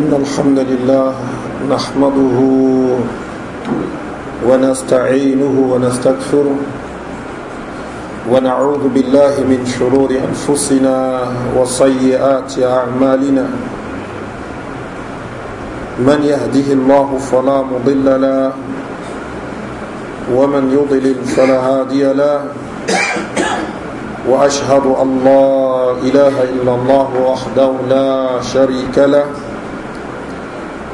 إن الحمد لله نحمده ونستعينه ونستغفره ونعوذ بالله من شرور أنفسنا وصيئات أعمالنا من يهده الله فلا مضل له ومن يضلل فلا هادي له وأشهد أن لا إله إلا الله وحده لا شريك له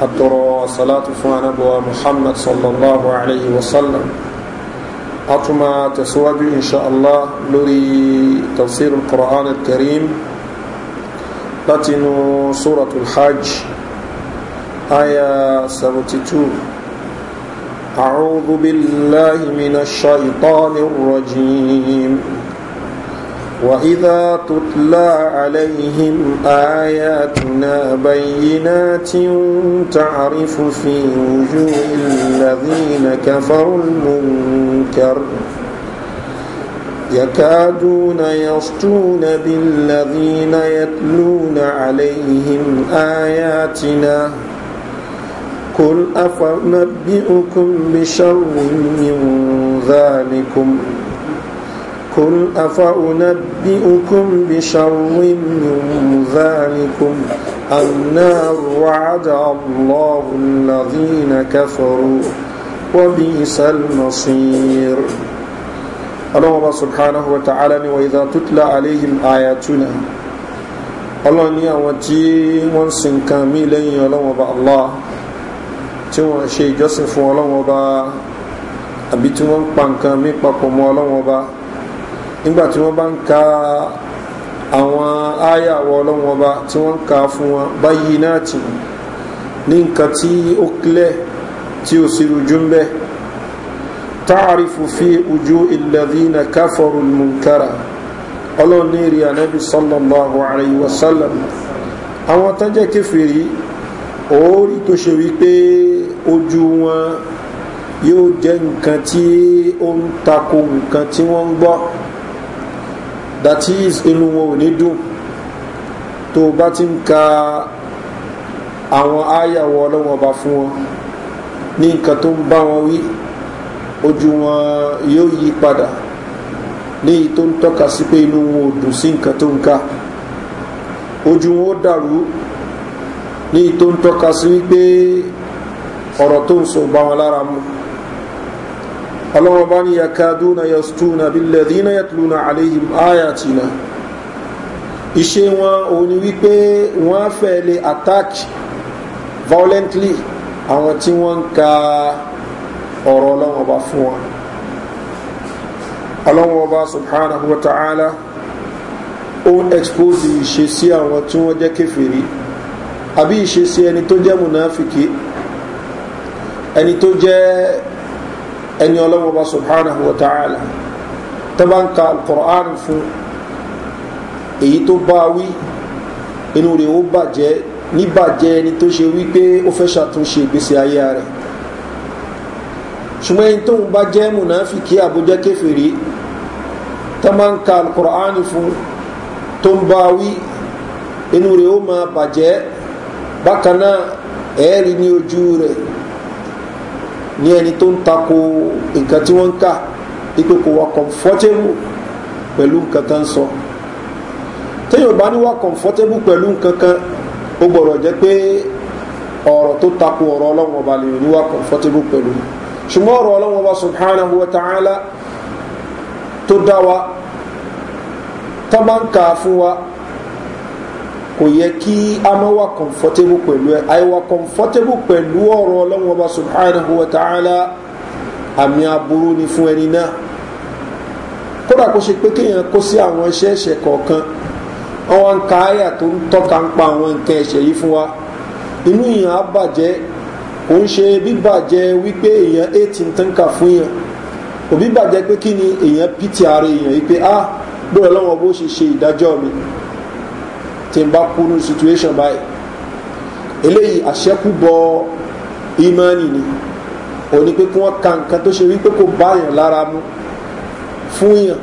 atọrọ salatu fún anabuwa muhammad sallallahu alayhi wa sallam a tún máa tẹ̀síwájú insha allah lórí tafsir al-qur'an al-karim láti inú hajj aya 72 أعوذ بالله من الشيطان الرجيم وإذا تتلى عليهم آياتنا بينات تعرف في وجوه الذين كفروا المنكر يكادون يسطون بالذين يتلون عليهم آياتنا قل أفنبئكم بشر من ذلكم ۖ قل أفأنبئكم بشر من ذلكم النار وعد الله الذين كفروا وبئس المصير الله سبحانه وتعالى وإذا تتلى عليهم آياتنا الله ni àwọn tí wọ́n ń sin kan mí lẹ́yìn ọlọ́wọ́n ọba allah tí wọ́n ṣe ìjọsìn fún ọlọ́wọ́n ọba àbí tí wọ́n ń pa nǹkan mí papọ̀ mọ́ ọlọ́wọ́n ọba nígbà tí wọ́n bá ń ka àwọn àyà àwọn ọlọ́wọ́n ọba tí wọ́n ń ka fún wọn báyìí náà tì ní nǹkan tí ó kílẹ̀ tí ó sì rújú ń bẹ́ẹ̀ ta'arifu fi ujú ìlàdínà káfọrù munkara ọlọ́ni rí anábi sallallahu alayhi wa sallam àwọn tán jẹ́ kéfèrí tó ṣe wípé ojú wọn yóò jẹ́ nǹkan tí ó ń tako nǹkan tí wọ́n ń gbọ́ that is inú wọn ò ní dùn tó bá ti ń ka àwọn áyàwó ọlọ́wọ́n ọba fún wọn ní nǹkan tó ń bá wọn wí ojú wọn yóò yí padà ní èyí tó ń tọ́ka sí pé inú wọn ò dùn sí nǹkan tó ń ka ojú wọn ó dàrú ní èyí tó ń tọ́ka sí wípé ọ̀rọ̀ tó ń sọ bá wọn lára mu ọlọ́run bá ní yakaduna yastuna bilẹ̀dínà yatluna alayhim ayatina iṣẹ́ wọn òun ni wípé wọ́n fẹ́ lè attack violently àwọn tí wọ́n ń ka ọ̀rọ̀ ọlọ́run ọba fún wọn ọlọ́run ọba subhanahu wa ta'ala ó expose ìṣesí àwọn tí wọ́n jẹ́ kéfèrí àbí ìṣesí ẹni tó jẹ́ munafiki ẹni tó jẹ́ أن ọlọ́wọ́ bá subhanahu wa ta'ala القرآن bá ń ka alukur'an fún èyí tó bá wí inú rẹ̀ ó bàjẹ́ níbàjẹ́ ẹni tó ṣe wípé ó tóun bá jẹ́ mùnàfíkì àbújá kẹfìrí tó fún tó inú rẹ̀ ó máa bàjẹ́ bákan náà ẹ̀ẹ́rì ojú rẹ̀ ní ẹni tó ń tako nǹkan tí wọ́n ń kà ipe kò wà comfortable pẹ̀lú nǹkan tó ń sọ téèyàn bá ní wà comfortable pẹ̀lú nǹkan kan ó gbọ́dọ̀ jẹ́ pé ọ̀rọ̀ tó tako ọ̀rọ̀ ọlọ́run ọba lè ní wà comfortable pẹ̀lú ṣùgbọ́n ọ̀rọ̀ ọlọ́run ọba subhanahu wa ta'ala tó dá wa tá bá ń kà fún wa kò yẹ kí a máa wà comfortable pẹ̀lú ẹ àìwà comfortable pẹ̀lú ọ̀rọ̀ ọlọ́run ọba subhanahu wa ta'ala àmì aburú ni fún ẹni náà kódà kó ṣe pé kéèyàn kó sí àwọn iṣẹ́ ẹ̀ṣẹ̀ kọ̀ọ̀kan àwọn nǹka àyà tó ń tọ́ka ń pa àwọn nǹkan ẹ̀ṣẹ̀ yìí fún wa inú èèyàn á bàjẹ́ kò ń ṣe bíbàjẹ́ wípé èèyàn eighteen tó ń kà fún yàn òbí bàjẹ́ pé kí ni èèyàn pt ara èèyàn yìí pé ah bóyá ọlọ́wọ́n bó ṣe ṣe ìdájọ́ mi tí n bá kú ní situation báyìí eléyìí àṣẹ́kù bọ ìmánì ni òní pé kí wọ́n ka nǹkan tó ṣe wípé kò báyàn lára mu fún yàn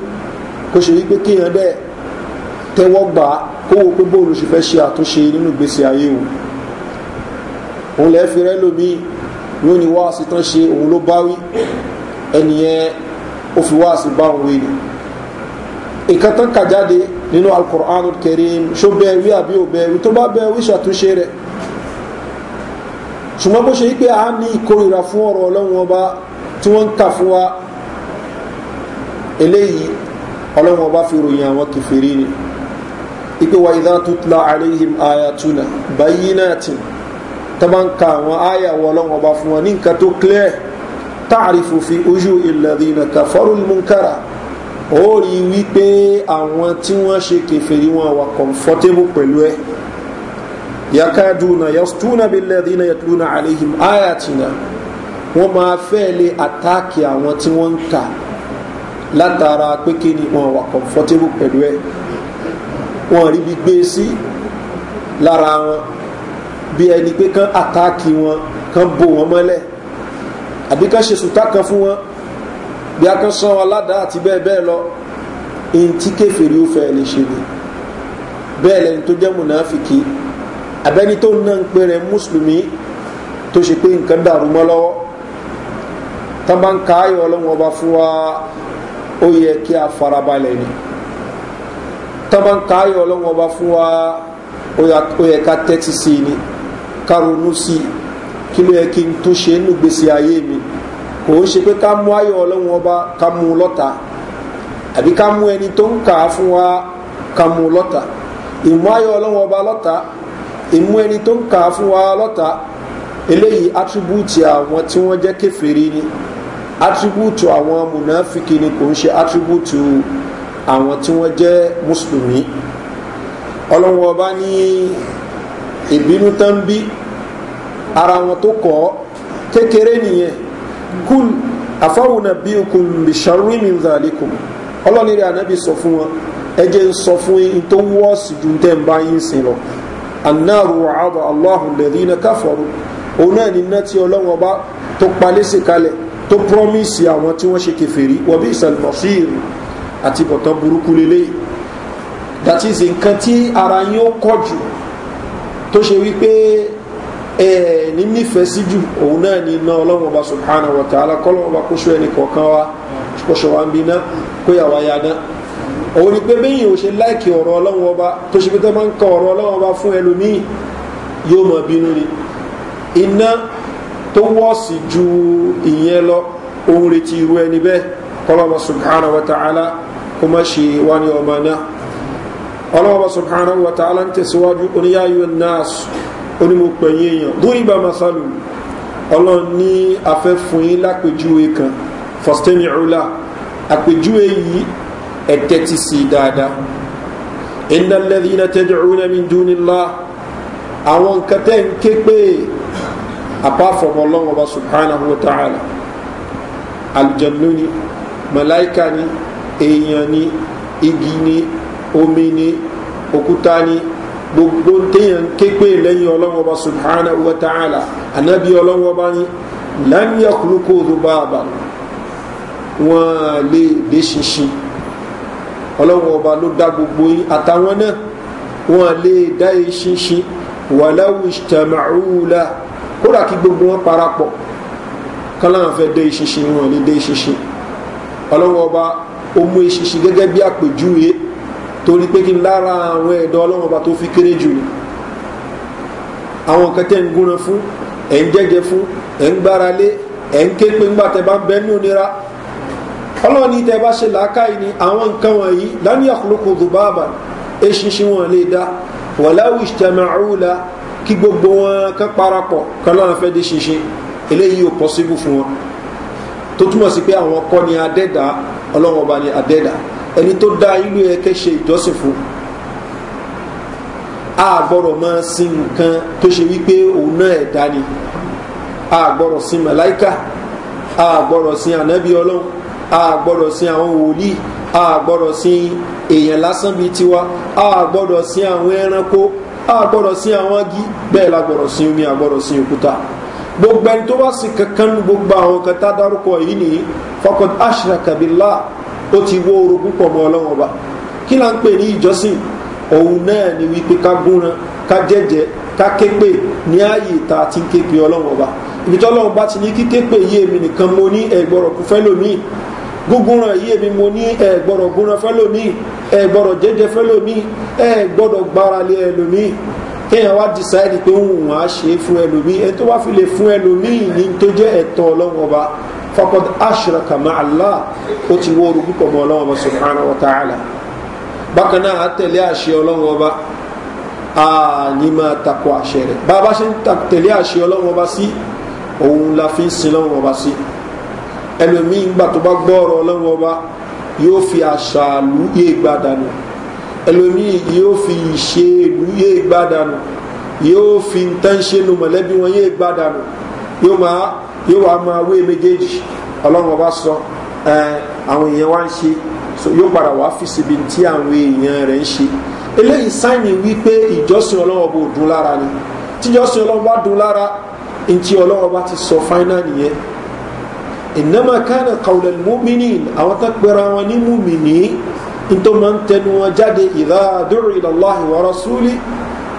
kó ṣe wípé kéèyàn dẹ́ tẹ́wọ́ gbà á kó wo pé bóòlù ṣe fẹ́ ṣe àtúnṣe nínú ìgbésí ayé o òun lẹ́ fi rẹ́ lómi ló ní wáàsí tán ṣe òun ló bá wí ẹnìyẹn ó fi wáàsí bá òun wí ni nǹkan tán kà jáde nínú alukur'anu kẹrin ṣó bẹ́ẹ̀ wí àbí ò bẹ́ẹ̀ wí tó bá bẹ́ẹ̀ wí ṣàtúnṣe rẹ̀ ṣùgbọ́n bó ṣe yí pé a ní ìkórira fún ọ̀rọ̀ ọlọ́run ọba tí wọ́n ń kà fún wa eléyìí ọlọ́run ọba fi ròyìn àwọn kìfèrí ni ipe wa ìdá tutla àríhìm ayatuna báyìí náà tì tọ́bá ń ka àwọn ọlọ́run ọba fún wa ní nǹkan tó clear táàrífò fi ojú ìlàdínà kàfọ́rùn-ún munkara ó rí wípé àwọn tí wọ́n ṣe kẹfẹ́rí wọn wà comfortable pẹ̀lú ẹ yakaduna yastuna bilẹ̀dínà yatluna alehim ayatina wọ́n máa fẹ́ lé àtáàkì àwọn tí wọ́n ń kà látara pé kí ni wọn wà comfortable pẹ̀lú ẹ wọn rí bí gbé sí lára wọn bí ẹni pé kán àtáàkì wọn kán bò wọn mọ́lẹ̀ àbí ṣe sùtá kan fún wọn bí a kan san aládàá àti bẹ́ẹ̀ bẹ́ẹ̀ lọ èyí tí kẹfìrí ó fẹ́ lè ṣe ni bẹ́ẹ̀ lẹ́ni tó jẹ́ mùnàfìkì abẹ́ni tó ń náà ń pè rẹ̀ mùsùlùmí tó ṣe pé nǹkan dàrú mọ́ lọ́wọ́ tán bá ń ka ayọ̀ ọlọ́run ọba fún wa ó yẹ kí a farabalẹ̀ ni tán bá ń ka ayọ̀ ọlọ́run ọba fún wa ó yẹ ká tẹ́tí sí i ni ká ronú sí i kí ló yẹ kí n tó ṣe nínú gbèsè ayé mi kò ó ṣe pé ká mú ayọ̀ ọlọ́run ọba ká mú lọ́ta àbí ká mú ẹni tó ń kà á fún wa ká mú lọ́ta ìmú ayọ̀ ọlọ́run ọba lọ́ta ìmú ẹni tó ń kà á fún wa lọ́ta eléyìí attribute àwọn tí wọ́n jẹ́ kẹfìrí ni attribute àwọn mùnàfíkì ni kò ń ṣe attribute àwọn tí wọ́n jẹ́ mùsùlùmí ọlọ́run ọba ní ìbínú tán bí ara wọn tó kọ́ kékeré nìyẹn kúl àfáwọn nàbí okùn lè ṣàrú ìmìnzàlẹ́kùn ọlọ́ni rẹ̀ ànábì sọ fún wọn ẹ jẹ́ ń sọ fún yín tó wọ́ọ̀sì ju tẹ́ ń bá yín sìn lọ anáàrù wàhálà aláhùn lẹ́dí iná káfọ́rù òun náà ní iná tí ọlọ́wọ́ bá tó palẹ́sì kalẹ̀ tó promise àwọn tí wọ́n ṣe kẹfẹ́rí wọ́n bí ìsàlùmọ̀síìrì àti bọ̀tán burúkú lélẹ́yìí that is nǹkan tí ara yín ó kọ̀ jù tó ṣe wípé ní nífẹ̀ẹ́ sí jù òun náà ni iná ọlọ́run ọba subhanahu wa ta'ala kọ́lọ́run ọba kóṣù ẹnì kọ̀ọ̀kan wa kóṣù wa ń bi náà kóyà wa ya náà òun ni pé bẹ́yìn ò ṣe láìkì ọ̀rọ̀ ọlọ́run ọba tó ṣe pé tó máa ń kọ ọ̀rọ̀ ọlọ́run ọba fún ẹlòmíì yóò mọ̀ bínú ni iná tó wọ́ọ̀sì ju ìyẹn lọ òun retí irú ẹni bẹ́ẹ̀ kọ́lọ́run subhanahu wa ta'ala kó má ṣe wá ní ọmọ náà ọlọ́run subhanahu wa ta'ala ń tẹ̀síwájú oníyáyọ náà onímọ̀pẹ̀ yín èèyàn dúrígbà masalu ọlọ́run ní afẹ́ fún yín lápèjúwe kan fọ́stẹ́mì ọ̀la àpèjúwe yìí ẹ̀tẹ́ ti sì dáadáa iná lẹ́yìn iná tẹ́jọ́ ọ̀hún ẹ̀mí dúnilá àwọn nǹkan tẹ́ ń ké pé àpáfọ̀mọ́ ọlọ́run ọba subhanahu wa ta'ala alùjẹ̀nu ni màláìka ni èèyàn ni igi ni omi ni òkúta ni gbogbo téèyàn képe lẹ́yìn ọlọ́wọ́ bá subhana wa ta'ala anabi ọlọ́wọ́ bá ní lẹ́mìí ọkùnrin kò bá a bá wọn lè dé ṣinṣin ọlọ́wọ́ ọba ló dá gbogbo yín àtàwọn náà wọn lè dá yín ṣinṣin wàláwù ìṣtàmàrúwùlà kódà kí gbogbo wọn parapọ̀ kọ́láwọn fẹ́ dé ṣinṣin wọn lè dé ṣinṣin ọlọ́wọ́ ọba ó mú ṣinṣin gẹ́gẹ́ bí àpèjúwe torí pé kí lára àwọn ẹ̀dọ́ ọlọ́run ọba tó fi kéré jù àwọn kẹtẹ́ ń gúnran fún ẹ̀ ń jẹ́jẹ fún ẹ̀ ń gbára lé ẹ̀ ń ké pé ńgbà tẹ bá ń bẹ́nu nira ọlọ́run ní tẹ bá ṣe làákàyè ni àwọn nǹkan wọ̀nyí lánìí àkùlùkù dùbàbà eṣinṣin wọn lè dá wàláwì ìṣẹ̀mẹ̀rúla kí gbogbo wọn kan parapọ̀ kan láwọn fẹ́ dé ṣinṣin eléyìí ò pọ́síbù fún wọn tó túmọ̀ sí pé àwọn kọ́ ni adẹ́dà ọlọ́run ọba ni adẹ́dà ẹni tó dá ìlú yẹ kẹ́ ṣe ìjọsìn fún a gbọ́dọ̀ máa sin nǹkan tó ṣe wípé òun náà ẹ̀dá ni a gbọ́dọ̀ sin màláìka a gbọ́dọ̀ sin ànábì ọlọ́run a gbọ́dọ̀ sin àwọn wòlíì a gbọ́dọ̀ sin èèyàn lásán bíi tiwa a gbọ́dọ̀ sin àwọn ẹranko a gbọ́dọ̀ sin àwọn agi bẹ́ẹ̀ la gbọ́dọ̀ sin omi a gbọ́dọ̀ sin òkúta gbogbo ẹni tó bá sin kankan gbogbo àwọn kan tá a dárúkọ yìí nìyí fọkàn ashraka billah ó ti wó oru púpọ̀ mọ́ ọlọ́wọ́n ọba kí là ń pè ní ìjọsìn òun náà ni wípé ká gúnran ká jẹ́jẹ́ ká képe ní ààyè ta ti ń képe ọlọ́wọ́n ọba ibi tí ọlọ́wọ́n bá ti ní kí képe yé mi nìkan mo ní ẹ̀gbọ́rọ̀ kú fẹ́ lómi gúngúnran yé mi mo ní ẹ̀gbọ́rọ̀ gúnran fẹ́ lómi ẹ̀gbọ́rọ̀ jẹ́jẹ́ fẹ́ lómi ẹ̀gbọ́rọ̀ gbáralé ẹ̀ lómi kéèyàn wá dìsáìdì pé òun wàá ṣe é fún ẹlòmíì ẹ tó wá fi lè fún ẹlòmíì ní tó jẹ́ ẹ̀tọ́ ọlọ́wọ́n ọba fakɔd ashraka ma'ala ó ti wóoru púpọ̀ mọ́ ọlọ́wọ́ bá subhana wa ta'ala bákan náà àtẹ̀lé àṣẹ ọlọ́wọ́ bá a ní máa takò àṣẹ rẹ̀ bá a bá ṣe ń tẹ̀lé àṣẹ ọlọ́wọ́ bá sí òun la fi ń sin lọ́wọ́ bá sí ẹlòmíì ń gbà tó bá gbọ́ ọlọ́wọ́ bá yóò fi àṣàlù yé gbádànù ẹlòmíì yóò fi ìṣe ìlú yé gbádànù yóò fi ń tán mọ̀lẹ́bí wọn yé gbádànù yóò máa yóò wá máa wé méjèèjì ọlọ́run ọba sọ àwọn èèyàn wá ń ṣe yóò padà wá fi síbi tí àwọn èèyàn rẹ̀ ń ṣe eléyìí sáìnì wípé ìjọsìn ọlọ́run ọba ò dún lára ni tíjọsìn ọlọ́run bá dún lára ntí ọlọ́run ọba ti sọ fáínà nìyẹn ìnáma kánà kàwlẹ̀ múmìnì àwọn tó pera wọn ní múmìnì ntọ́ máa wọn jáde ìdá àdúrà ìlàlá ìwọ́rọ̀ súlì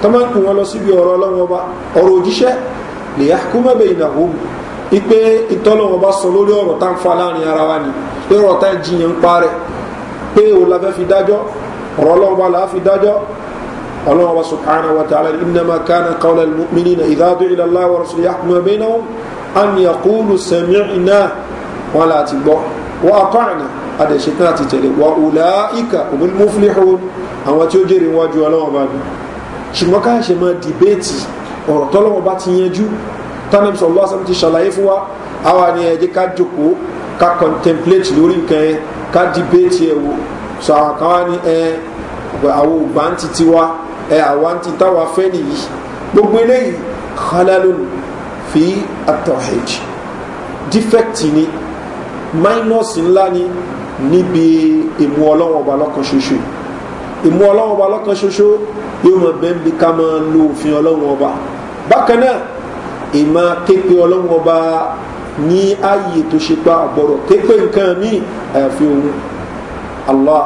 tó máa wọn lọ síbi ọ̀rọ̀ ọlọ́run ọba ọ̀rọ̀ òjíṣẹ́ lè yá kúmọ̀ ìnáwó mu ipe ìtọ́lọ́wọ́ bá sọ lórí ọ̀rọ̀ tá ń fa láàrin ara wa ni pé ọ̀rọ̀ tá ń jiyàn ń pa rẹ̀ pé òun la fẹ́ fi dájọ́ ọ̀rọ̀ ọlọ́wọ́ bá la fi dájọ́ ọlọ́wọ́ bá wa ta'ala innama kana qawla al-mu'minina idha du'a ila Allah wa rasuli yahkuma bainahum an sami'na wa ti gbọ́ wa ata'na adẹ̀ṣetán àti tẹ̀lé wa ulaika humul muflihun àwọn tí ó jèrè wájú ọlọ́wọ́ bá mi ṣùgbọ́n káyà ṣe máa dìbéètì ọ̀rọ̀ tọ́lọ́wọ́ bá ti tánà bisọ lọ́wọ́ sẹ́mi ti ṣàlàyé fún wa àwa ni ẹ jẹ́ ká jókòó ká contemplate lórí nǹkan yẹn ká debate ẹ̀ wò sọ àwọn kan wá ní ẹ àwọn ògbà ń ti tiwa ẹ àwa ń ti táwa fẹ́ nìyí gbogbo eléyìí khalalun fi atọ́hẹ́j defect ni minus ńlá ni níbi ìmú ọlọ́wọ́ ọba lọ́kan ṣoṣo ìmú ọlọ́wọ́ ọba lọ́kan ṣoṣo yóò mọ̀ bẹ́ẹ̀ bí ká máa lo òfin ọlọ́wọ́ ọba bákan náà ìmọ̀ képe ọlọ́run ọba ní ààyè tó ṣe pa àgbọ̀rọ̀ képe nǹkan mí àyàfi òun allah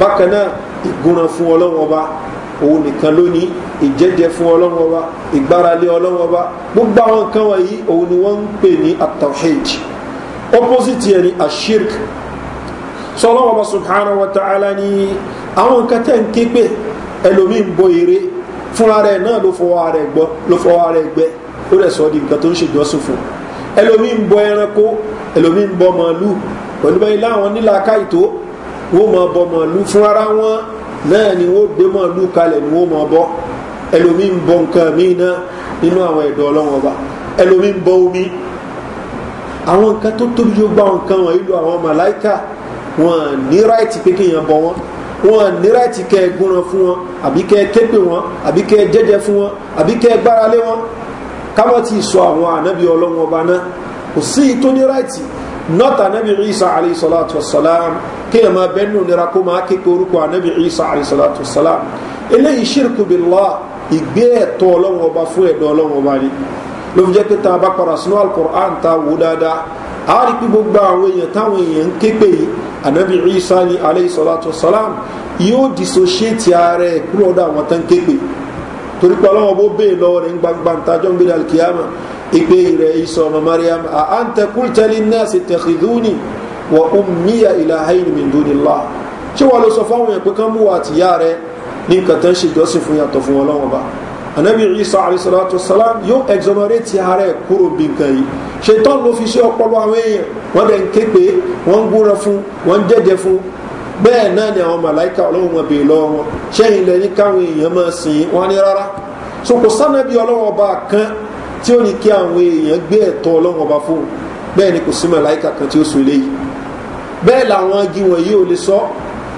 bákan náà ìgúnran fún ọlọ́run ọba òun nìkan lónìí ìjẹ́jẹ fún ọlọ́run ọba ìgbáralé ọlọ́run ọba gbogbo àwọn nǹkan wọ̀nyí òun ni wọ́n ń pè ní atahej opposite yẹn ni ashirk sọlọ́wọ́ bá subhanahu wa ta'ala ni àwọn nǹkan tẹ́ ń ké ẹlòmíì ń bọ èrè fúnra rẹ̀ náà ló fọwọ́ rẹ̀ gbẹ́ ó rẹ̀ sọ di nǹkan tó ń ṣèjọ́sìn fún ẹlòmí ń bọ ẹranko ẹlòmí ń bọ màálù pẹ̀lú bẹ́ẹ̀ láwọn nílà káìtó wọ́n mọ̀ bọ màálù fún ara wọn náà ni wọ́n gbé màálù kalẹ̀ ni wọ́n mọ̀ bọ́ ẹlòmí ń bọ nǹkan míì náà nínú àwọn ẹ̀dọ̀ ọlọ́wọ́n ọba ẹlòmí ń bọ omi àwọn nǹkan tó tóbi yóò gbá àwọn nǹkan wọ̀nyí lu àwọn màláìkà wọn ní ráìtì pé kéèyàn bọ wọn wọn ní ráìtì kẹ gúnran fún wọn àbí kẹ képe wọn àbí kẹ jẹjẹ fún wọn àbí kẹ gbáralé wọn káwọn ti sọ àwọn ànábì ọlọ́wọ́n ọba náà kò sí tó ní ráìtì nọ́ọ̀tà ànábì isa alayhisalatu wasalam kí ẹ̀ máa bẹ́nu nira kó máa ké pé orúkọ ànábì isa alayhisalatu wasalam eléyìí ṣírkù bí lọ́ ìgbé ẹ̀tọ́ ọlọ́wọ́n ọba fún ẹ̀dọ́ ọlọ́wọ́n ọba ni ló fi jẹ́ pé tá a bá padà sínú alukur'an tá a wò dáadáa a rí pé gbogbo àwọn èèyàn táwọn èèyàn ń ké pé ànábì isa ni alayhisalatu yóò dissociate ara ẹ̀ kúrò ọ̀dọ̀ àwọn tán ké pé torí pé ọlọ́wọ́ bó bèè lọ́wọ́ rẹ̀ ń gbangba ń tajọ́ ń gbé alkiyama ìgbé rẹ̀ ìsọ ọmọ mariam a an tẹkùl tẹ́lí náà sì tẹ̀kìdúnì wọ ummiya ilahayin min dunila ṣé wàá lọ sọ fáwọn yẹn pé kán mú wa àtìyá rẹ ní nǹkan tán ṣe ìjọsìn fún yàtọ̀ fún ọlọ́wọ́n ba anabi isa alayhisalatu salam yóò exonerate bẹ́ẹ̀ náà ni àwọn màláìka ọlọ́run wọn bèè lọ́wọ́ wọn ṣẹ́yìn lẹ́yìn káwọn èèyàn máa sìn wọn ní rárá so kò sánàbí ọlọ́run ọba kan tí ó ní kí àwọn èèyàn gbé ẹ̀tọ́ ọlọ́run ọba fún bẹ́ẹ̀ ni kò sí màláìka kan tí ó sùn léyìí bẹ́ẹ̀ làwọn agi wọ̀nyí ò lè sọ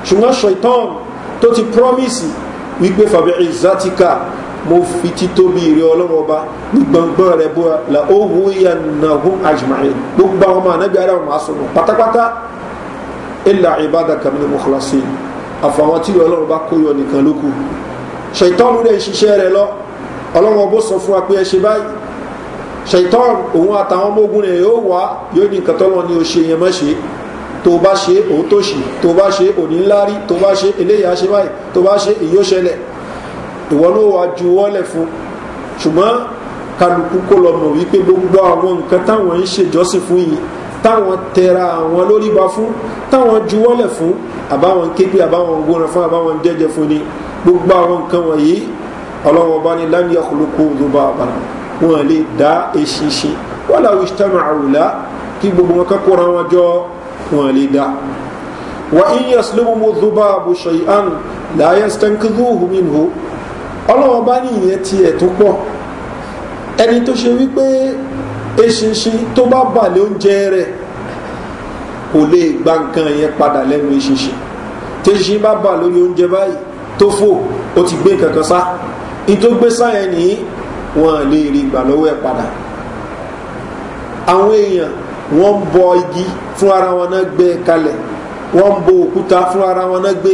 ṣùgbọ́n ṣaitan tó ti promise wípé fàbí ìzátìkà mo fi títóbi ìrẹ ọlọ́run ọba ní gbọ̀ngbọ̀n rẹ̀ bó la ó wúyà nàhún àjùmáyé gbogbo àwọn ọmọ ànábì ilà ìbádà kàmínú mọ̀kànlásí àfàwọn tí ọlọ́run bá kó yọ nìkan lókù ṣètọ́nù rẹ̀ ṣiṣẹ́ rẹ̀ lọ ọlọ́run ọbọ̀ sọ fún wa pé ẹ ṣe báyìí ṣètọ́n òun àtàwọn ọmọ ogun rẹ̀ yóò wá yóò ní nǹkan tọ́lọ́ ni o ṣe yẹn mọ́ ṣe tó bá ṣe òun tó ṣì tó bá ṣe òní ńlá rí tó bá ṣe eléyà ṣe báyìí tó bá ṣe èyó ṣẹlẹ̀ ìwọ ló wá ju wọ́lẹ̀ fún ṣùgbọ́n kálukú kó lọ mọ̀ wípé gbogbo àwọn nǹkan táwọn ń ṣèjọ́sìn fún yìí táwọn tẹra àwọn lórí ba fún táwọn juwọ́lẹ̀ fún àbáwọn képe àbáwọn gbóná fún àbáwọn jẹ́jẹ́ fún ni gbogbo àwọn nǹkan wọ̀nyí ọlọ́wọ́ bá ní lámì ọkùnlùkù òdòbá àbára wọn lè dá eṣinṣin wọ́n làwọn ìṣẹ́mọ̀ àrùlá kí gbogbo wọn kọ́kọ́ra wọn jọ wọn lè dá wà ń yẹ sùlùmù òdòbá àbùṣọ bá ní ìyẹn tiẹ̀ tó pọ̀ ẹni tó ṣe eṣinṣin tó bá bà lé oúnjẹ rẹ̀ kò lè gba nǹkan yẹn padà lẹ́nu eṣinṣin tẹ́ṣin bá bà lórí oúnjẹ báyìí tó fò ó ti gbé kankan sá ní gbé sá yẹn nìyí wọn lè rí ìgbà lọ́wọ́ ẹ̀ padà àwọn èèyàn wọ́n bọ igi fún ara wọn náà gbé kalẹ̀ bo òkúta fún ara wọn náà gbé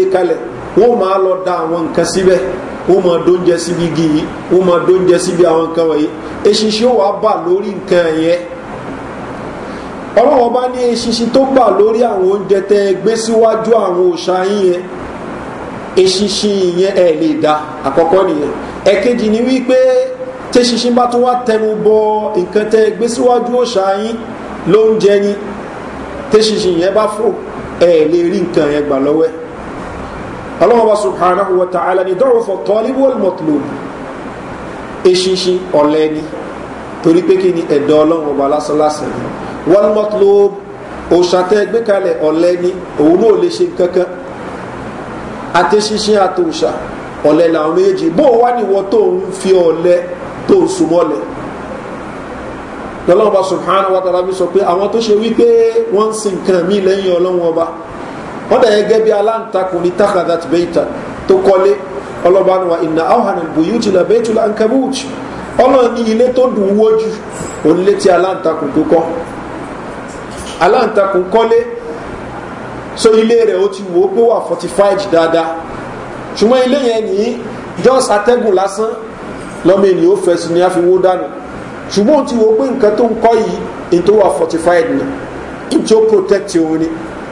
máa da àwọn nǹkan ó mọ dóúnjẹ síbi igi yìí ó mọ dóúnjẹ síbi àwọn nǹkan wọ̀nyí eṣinṣin ó wàá bà lórí nǹkan yẹn ọlọ́wọ́n bá ní eṣinṣin tó gbà lórí àwọn oúnjẹ tẹ gbé síwájú àwọn òòṣà yín yẹn eṣinṣin yẹn ẹ lè da àkọ́kọ́ nìyẹn ẹ̀kejì ni wípé tẹ́ṣinṣin bá tún wá tẹnu bọ nǹkan tẹ gbé síwájú òòṣà yín lóúnjẹ yín tẹ́ṣinṣin yẹn bá fò ẹ lè rí nǹkan yẹn gbà lọ́wọ́ ẹ̀ ọlọ́wọ́ba subhanahu wa ta'ala ni dọ́rọ̀fọ̀ tọ́líbù olmọ̀tìlóbù eṣinṣin ọ̀lẹ́ni torí pé kí ni ẹ̀dọ́ ọlọ́run ọba lásánlásán ni walmọ̀tìlóbù òṣàtẹ́ gbé kalẹ̀ ọ̀lẹ́ni òun náà lè ṣe kankan àtẹ́ṣinṣin àtòṣà ọ̀lẹ́ làwọn méjì bó wá níwọ tó ń fi ọ̀lẹ́ tó ń sùmọ́lẹ̀ lọ́lọ́wọ́ba subhanahu wa ta'ala mi sọ pé àwọn tó ṣe wípé wọ́n ń sin nǹkan mí lẹ́yìn ọlọ́run ọba wọ́n dà gẹ́gẹ́ bí aláǹtakùn ní takhadat beita tó wa ìnà awhana buyuti la beitul ankabut ní ilé tó dùn wójú òun tí ala aláǹtakùn tó kọ́ aláǹtakùn kọlé so ilé rẹ̀ ó ti wò ó pé wà fortified dáadáa ilé yẹn ní lásán ènìyàn ó ní àfiwó dànù ó ti wò ó pé nǹkan tó ń yìí ètò wà fortified ni ìjọ protect òun ni.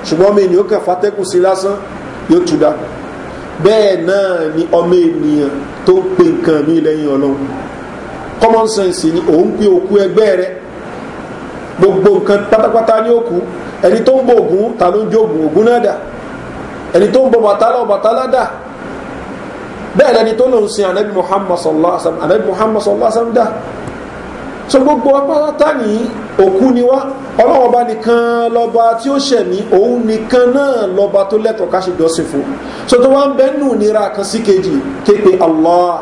ṣùgbọ́n ọmọ ènìyàn kàn fatẹ́kùn sí lásán yóò tú dànù bẹ́ẹ̀ náà ni ọmọ ènìyàn tó ń pe nǹkan mi lẹ́yìn ọlọ́run common sense ni òun pe òkú ẹgbẹ́ rẹ gbogbo nǹkan pátápátá ní òkú ẹni tó ń bọ ògún ta ló ń jó ògún ògún náà dà ẹni tó ń bọ bàtálà bàtálà dà bẹ́ẹ̀ lẹni tó lòun sin anabi muhammad sallallahu alaihi wa sallam anabi muhammad sallallahu alaihi wa sallam dà so gbogbo apáta ní òkú ni wá ọlọ́wọ́n bá nìkan lọ́ba tí ó ṣẹ̀ ní òun nìkan náà lọ́ba tó lẹ́tọ̀ọ́ ká ṣe jọ́sìn fún so tó wá ń bẹ́ nù nira kan sí kejì képe allah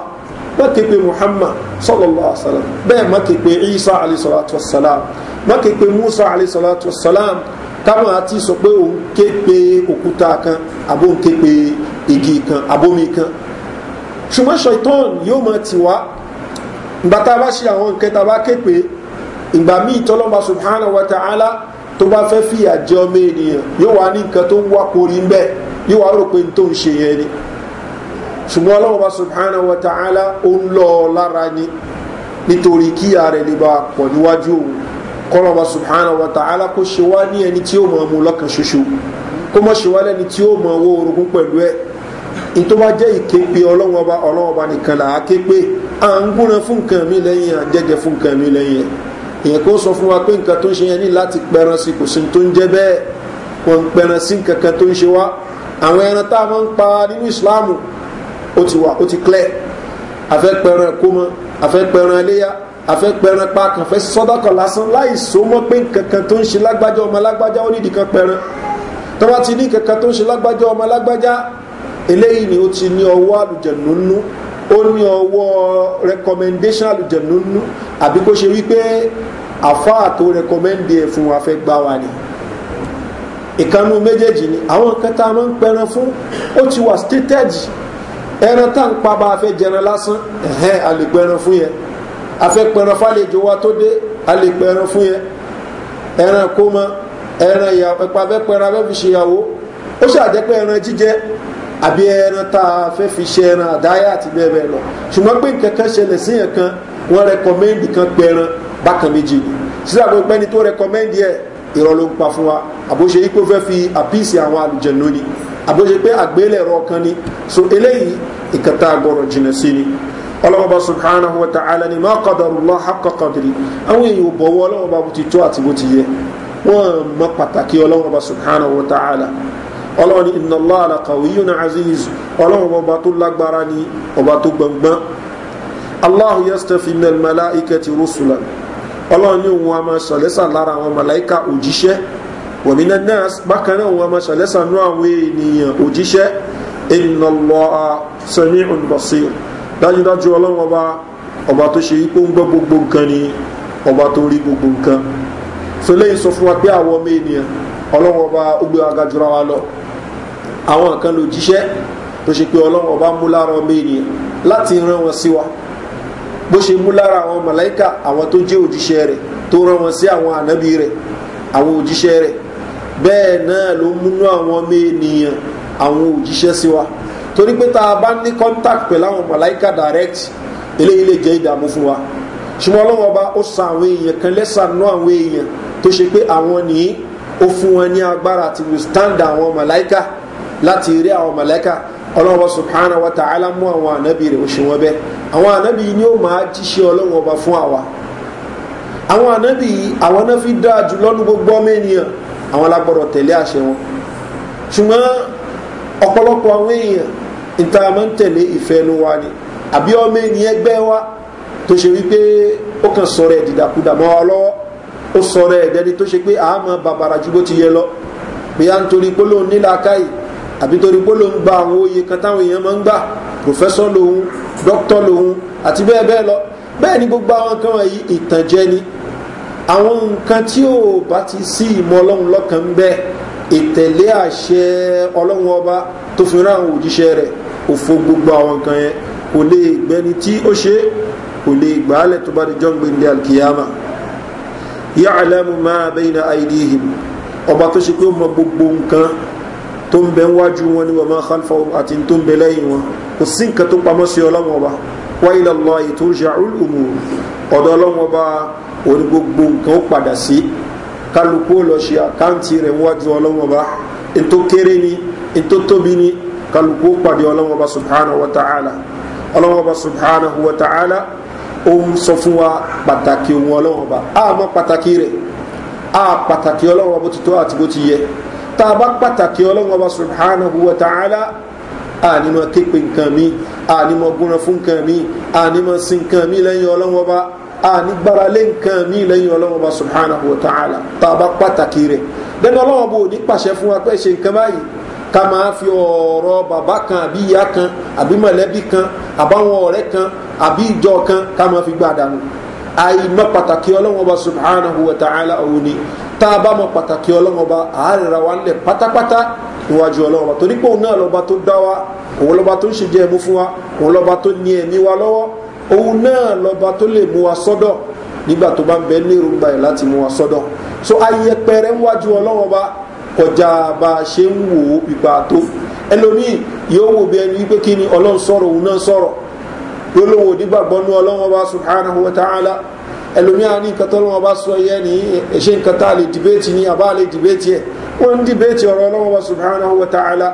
má képe muhammad sallallahu alaihi wa sallam bẹ́ẹ̀ má képe isa alayhi salatu wa salam má képe musa alayhi salatu wa salam táwọn àti sọ pé òun ké pe òkúta kan àbó òun ké pe igi kan àbómi kan ṣùgbọ́n ṣaitan yóò máa ti wá ìgbà tá a bá ṣe àwọn nǹkan bá ké ìgbà míì tọ́lọ́mà subhana wa ta'ala tó bá fẹ́ fìyà jẹ ọmọ ènìyàn yóò wá ní nǹkan tó ń wá kórí ń bẹ́ yóò wá rò pé n tó ń ṣe yẹn ni ṣùgbọ́n ọlọ́mà subhana wa ta'ala ó ń lọ lára ni nítorí kíyà rẹ̀ lè bá pọ̀ níwájú òun kọlọba subhanahu wa ta'ala kó ṣe wá ní ẹni tí ó mọ̀ ọmọ lọ́kàn ṣoṣo kó mọ̀ ṣe wá lẹ́ni tí ó mọ̀ owó orogún pẹ̀lú ẹ̀ ìtò wá jẹ́ ìképe ọlọ́wọ́n ọba ọlọ́wọ́n ọba nìkan là á ké pé à ń gúnran fún nǹkan mi lẹ́yìn à ń jẹ́jẹ́ fún nǹkan mi lẹ́yìn ìyẹn kó sọ fún wa pé nǹkan tó ń ṣe yẹn ní láti pẹran sí kò sí tó ń jẹ́ bẹ́ẹ̀ kò ń pẹran sí nǹkan kan tó ń ṣe wá àwọn ẹran tá a máa ń pa nínú ìsìláàmù ó ti wà ó ti clear afẹ́ pẹran ẹ̀kọ́ mọ́ afẹ́ pẹran ẹléyà afẹ́ pẹran pa kàn fẹ́ sọ́dọ̀kọ̀ lásán láì so mọ́ pé nǹkan kan tó ń ṣe lágbájá ọmọ lágbájá ó nídìí kan pẹran tọ́wọ́ ti ní nǹkan kan tó ń ṣe lágbájá ọmọ lágbájá eléyìí ni ó ti ní ọwọ́ àlùjẹ̀nù nú ó ní ọwọ́ recommendation àlùjẹ̀nù nú àbí kó ṣe wípé àfáà tó recommend ẹ̀ fún wa fẹ́ gbá wa ni ìkanu méjèèjì ni àwọn nǹkan tá a máa ń pẹran fún ó ti wà stated ẹran tá ń pa bá a fẹ́ jẹran lásán ẹ̀hẹ́n a lè pẹran fún yẹn a fẹ́ pẹran fálejò wa tó dé a lè pẹran fún yẹn ẹran kó mọ ẹran ìyàwó ẹ̀pà fẹ́ pẹran fẹ́ fi ṣèyàwó ó ṣàjẹ́ ẹran jíjẹ àbí ẹran tá a fẹ́ fi ṣe ẹran àdáyà àti bẹ́ẹ̀ bẹ́ẹ̀ lọ ṣùgbọ́n pé nǹkan kan ṣẹlẹ̀ sí yẹn kan wọ́n rẹkọmẹ́ndì kan pé ẹran bákan méjì ni sísá gbogbo ẹni tó rẹkọmẹ́ndì ẹ̀ ìrọ̀ ló ń pa fún wa àbóṣe yìí pé ó fẹ́ fi àpíìsì àwọn àlùjẹ̀nu ni àbóṣe pé àgbélẹ̀rọ kan ni so eléyìí ìkẹta gbọ́rọ̀ jìnà sí ni ọlọ́mọba subhanahu ta'ala ni máa kọ́dọ̀rù lọ hakọ̀kọ̀dìrì àwọn èèyàn bọ̀wọ́ ọlọ́mọba bó ti tó àti bó ti yẹ wọ́n mọ pàtàkì ta'ala ọlọ́run ní iná láàlá kàwíyún aziz ọlọ́run ọba tó lágbára ní ọba tó gbọ̀ngbọ́n aláhu yẹ́sítẹ́fì mẹ́lẹ́mẹ́lá ikẹ́tì rọ́ṣùlá ọlọ́run ní òun àmà ṣàlẹ́sà lára àwọn màláìka òjíṣẹ́ wọ̀mínà náà bákan náà òun àmà ṣàlẹ́sà nú àwọn ènìyàn òjíṣẹ́ iná lọ́ọ́ sẹ́mi ọ̀nbọ̀sí dájúdájú ọlọ́run ọba ọba tó ṣe rí gbogbo nǹkan so sọ fún wa pé àwọn ọmọ ènìyàn ọlọ́run ọba ó gbé agajura wa lọ àwọn kan ló jíṣẹ́ tó ṣe pé ọlọ́run ọba mú lára ọmọ ènìyàn láti rán wọn sí wa bó ṣe mú lára àwọn mọ̀láìkà àwọn tó jẹ́ òjíṣẹ́ rẹ̀ tó rán wọn sí àwọn ànábì rẹ̀ àwọn òjíṣẹ́ rẹ̀ bẹ́ẹ̀ náà ló múnú àwọn ọmọ ènìyàn àwọn òjíṣẹ́ sí wa torí pé tá a bá ní contact pẹ̀lú àwọn mọ̀láìkà direct eléyìí lè jẹ́ ìdààmú fún wa ṣùgbọ́n ọlọ́run ọba ó san àwọn èèyàn kan lẹ́sànán àwọn èèyàn tó ṣe pé àwọn nìyí ó fún wọn ní agbára àti withstand àwọn mọ̀láìkà láti rí àwọn mọ̀lẹ́kà ọlọ́wọ́ subhana wa ta'ala mú àwọn ànábì rẹ̀ oṣù wọn bẹ́ẹ̀ àwọn ànábì ni ó máa jíṣẹ́ ọlọ́wọ́ ọba fún àwa àwọn ànábì àwọn náà fi dáa jù lọ́nu gbogbo ọmọ ènìyàn àwọn alágbọ̀rọ̀ tẹ̀lé àṣẹ wọn ṣùgbọ́n ọ̀pọ̀lọpọ̀ àwọn èèyàn níta máa ń tẹ̀lé ìfẹ́ ẹnu wa ni àbí ọmọ ènìyàn gbẹ́ wa tó ṣe wípé ó kàn sọ̀rọ̀ ẹ̀ dìdàkudà mọ́ wa lọ́wọ́ ó sọ̀rọ̀ ẹ̀ dẹni tó ṣe pé àá máa bó ti yẹ lọ pé à ń torí pé lóun nílà káyìí àbí torí pé ló ń gba àwọn oyè kan táwọn èèyàn máa ń gbà pòfẹ́sọ́ lòun dókítọ́ lòun àti bẹ́ẹ̀ bẹ́ẹ̀ lọ bẹ́ẹ̀ ni gbogbo àwọn nǹkan wọ̀nyí ìtànjẹ ni àwọn nǹkan tí ò bá ti sí ìmọ̀ ọlọ́run lọ́kàn ń bẹ́ ìtẹ̀lé àṣẹ ọlọ́run ọba tó fi rán àwọn òjíṣẹ́ rẹ̀ òfo gbogbo àwọn nǹkan yẹn kò lè gbẹni tí ó ṣe kò lè gbàálẹ̀ tó bá di jọ́ngbìndé alkiyama yàlẹ́mu máa bẹ́yìn àìdíhìm ọba tó ṣe pé ó mọ gbogbo nǹkan tó ń bẹ wájú wọn ni wọn máa kálífà àti tó ń bẹ lẹ́yìn wọn kò sí nǹkan tó pamọ́ sí ọlọ́wọ́n ọba wáyé lọ́lọ́ ètò ìṣàrúl òmù ọ̀dọ̀ ọlọ́wọ́n ọba òní gbogbo nǹkan ó padà sí kálukú lọ ṣe àkáǹtì rẹ̀ wájú ọlọ́wọ́n ọba ètò kéré ni ètò tóbi ni kálukú pàdé ọlọ́wọ́n ọba subhanahu wa ta'ala ọlọ́wọ́n ọba subhanahu wa ta'ala ó ń sọ fún wa pàtàkì òun ọlọ́wọ́n ọba àmọ́ pàtàkì rẹ̀ à pàtàkì ọlọ́wọ́n ọba tó tó àti bó ti yẹ tá a bá pàtàkì ọlọ́run ọba subhanahu wa ta'ala àní máa ké pe nǹkan mi àní máa gúnra fún nǹkan mi àní máa sin nǹkan mi lẹ́yìn ọlọ́run ọba àní gbára lé nǹkan mi lẹ́yìn ọlọ́run ọba subhanahu wa ta'ala tá a bá pàtàkì rẹ̀ lẹ́nu ọlọ́run ọba ò ní pàṣẹ fún wa pé ṣe nǹkan báyìí ká máa fi ọ̀rọ̀ bàbá kan àbí ìyá kan àbí mọ̀lẹ́bí kan àbáwọn ọ̀rẹ́ kan àbí ìjọ kan ká máa fi gbá dànù àìmọ́ pàtàkì ọlọ́wọ́ba subhanahu wa ta'ala awuni taba tá a bá mọ pàtàkì ọlọ́wọ́ba àárẹ̀ra wa ńlẹ̀ pátápátá níwájú ọlọ́wọ́ba torí pé òun náà lọ́ba tó dá wa òun lọ́ba tó ń ṣe jẹ́ ẹ̀mú fún wa òun lọ́ba tó ní ẹ̀mí wa lọ́wọ́ òun náà lọ́ba tó lè mú wa sọ́dọ̀ nígbà tó bá ń bẹ ní èròǹgbà ẹ̀ láti wa sọ́dọ̀ so ayẹpẹrẹ níwájú ọlọ́wọ́ba kọjá bá a ṣe ń wò ó pípa tó ẹlòmíì yóò wò bí ẹni wípé kí ni ọlọ́run sọ̀rọ̀ òun náà sọ̀rọ̀ yóò lóun ò nígbàgbọ́ nú ọlọ́wọ́n bá subhanahu wa ta'ala ẹlòmíà ní nǹkan tọ́lọ́wọ́n bá sọ yẹ ní ṣe nǹkan tá a lè dìbẹ́tì ní àbá lè dìbẹ́tì ẹ̀ wọ́n ń dìbẹ́tì ọ̀rọ̀ ọlọ́wọ́n bá subhanahu wa ta'ala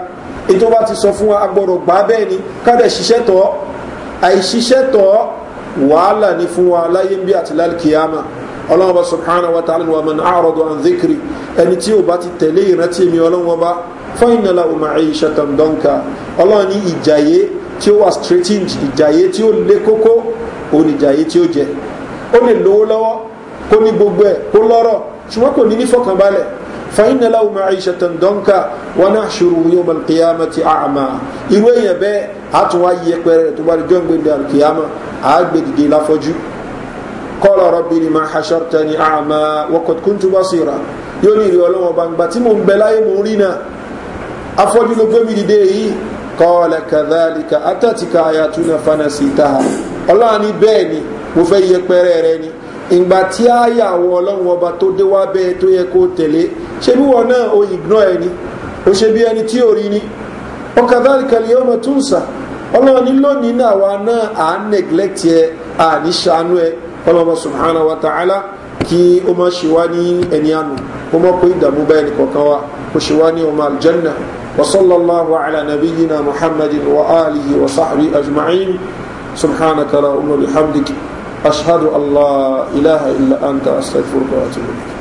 ètò bá ti sọ fún wa agbọ̀rọ̀ gbà bẹ́ẹ̀ ni kádẹ̀ ṣiṣẹ́ tọ́ àìṣiṣẹ́ tọ́ wàhálà ni fún wa láyé bí àti lálkìyàmà ọlọ́wọ́n bá subhanahu wa ta'ala wa man àròdọ̀ an zikiri ẹni tí ò bá ti tẹ̀lé ìrántí mi ọlọ́wọ́n bá fọ́yìn nàlá òmà àyíṣẹ́ tàǹdọ́ǹkà ọlọ́wọ́n ní ìjàyé tí ó wà straightened ìjàyè tí ó lé kókó òun ìjàyè tí ó jẹ ó lè lówó lọ́wọ́ kó ní gbogbo ẹ̀ kó lọ́rọ̀ ṣùgbọ́n kò ní ní fọkànbalẹ̀ fàyín náà láwùmọ̀ àìṣẹ́ tàn dọ́nkà wọn náà ṣòro yóò mọ̀ kìyàmà ti àmà irú èèyàn bẹ́ẹ̀ á tún wá yẹ pẹ́rẹ́ tó bá rí jọ́ ń gbèdè àkìyàmà á gbèdìdè láfọ́jú kọ́lọ̀ rọ́bì ni máa ṣaṣọ́tà ní àmà wọ́kọ̀t kún tó bá sí yóò ní ìrì ọlọ́wọ́ bá ń gbà tí mò ń bẹ láyé mò ń rí náà afọ́jú ló gbé mi dìde yìí kọ́ọ̀lẹ̀ kàdálíkà àtàtìkà ayatuna fanasitaha ọlọ́run ní bẹ́ẹ̀ ni mo fẹ́ yẹpẹrẹ rẹ ni ìgbà tí àyà àwọn ọlọ́run ọba tó dé wá bẹ́ẹ̀ tó yẹ kó tẹ̀lé ṣé bí wọn náà o ìgbọ́n ẹ ni o ṣe bí ẹni tí ò rí ni ọkàdálíkà lè ọmọ tún sà ọlọ́run ní lónìí náà wa náà à ń neglect ẹ à ní ṣàánú ẹ ọlọ́run subhanahu wa ta'ala kí o máa ṣe wá ní ẹni àná o máa kó ìdààmú bá ẹnì kọ̀ọ̀kan wa o ṣe wá ní ọmọ àlùjẹ́nà وصلى الله على نبينا محمد وآله وصحبه أجمعين سبحانك اللهم بحمدك أشهد أن لا إله إلا أنت أستغفرك وأتوب إليك